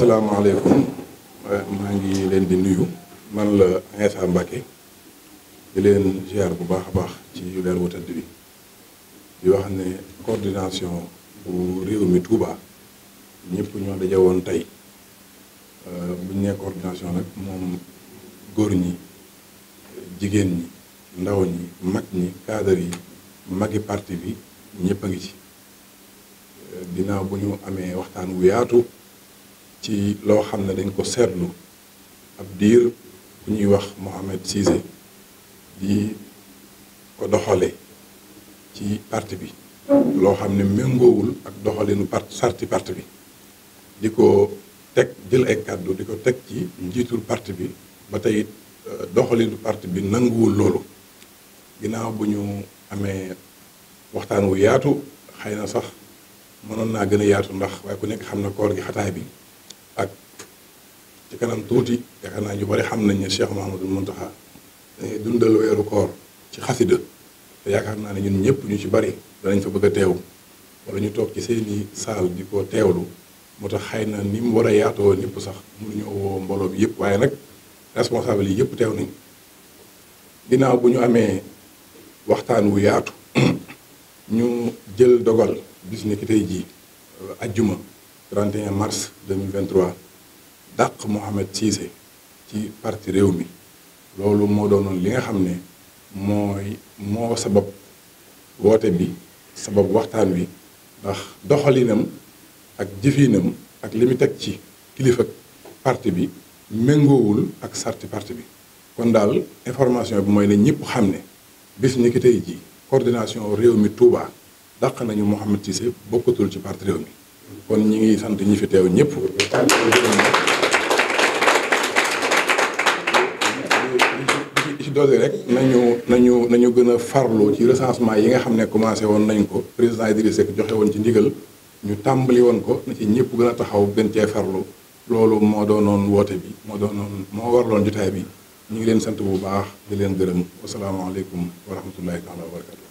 asalaamaaleykum maa ngi leen di nuyu man la Insa Mbacké di leen ziar bu baax a baax ci weer wu tëdd bi di wax ne coordination bu réew mi Touba ñëpp ñoo daje woon tey euh, bu ñu nee nag moom góor ñi jigéen ñi ndaw ñi mag ñi cadre yi magi parti bi ñëpp a ngi ci euh, ginnaaw bu ñu amee waxtaan wu yaatu. ci loo xam ne dañ ko seetlu ab diir bu ñuy wax Mohamed Cissé di ko doxale ci parti bi loo xam ne méngoowul ak doxalinu parti sarti parti bi di ko teg jël ay kàddu di ko teg ci njiitul parti bi ba tey euh, doxalinu parti bi nanguwul loolu ginnaaw bu ñu amee waxtaan wu yaatu xay na sax mënoon naa gën a yaatu ndax waaye ku nekk xam na koor gi xataay bi ak ci kanam tuuti yaakaar naa ñu bari xam nañ ne Cheikh Mouhamadou Mountakha dañuy dundal weeru koor ci xasida te yaakaar naa ne ñun ñëpp ñu ci bari danañ fa bëgg a teew wala ñu toog ci seeni saal di ko teewlu moo tax xëy na ni mu war a yaatoo ñëpp sax mënuñu woo mbooloo bi yëpp waaye nag responsable yi yëpp teew nañ ginnaaw bu ñu amee waxtaan wu yaatu ñu jël dogal bis ni ki tey ajjuma 31 mars 2023 dàq Mouhamed Cissé ci parti réew mi loolu moo doonoon li nga xam ne mooy moo sabab woote bi sabab waxtaan wi ndax doxalinam ak jëfinam ak li mu teg ci kilifa parti bi méngoowul ak sarti parti bi kon daal information bi mooy ne ñëpp xam ne bis ni ji tey coordination réew mi Touba dàq nañu Mouhamed Cissé bokkatul ci parti réew mi kon ñi ngi sant ñi fi teew ñëpp di ci doole rek nañu nañu nañu gën a farlu ci recensement yi nga xam ne commencé woon nañ ko président Idrissa Seck joxe woon ci ndigal ñu tàmbali woon ko na ci ñëpp gën a taxaw gën cee farlu loolu moo doonoon woote bi moo doonoon moo warloon jotaay bi ñu ngi leen sant bu baax di leen gërëm wasalaamaaleykum wa rahmatullahi taala wa barakatu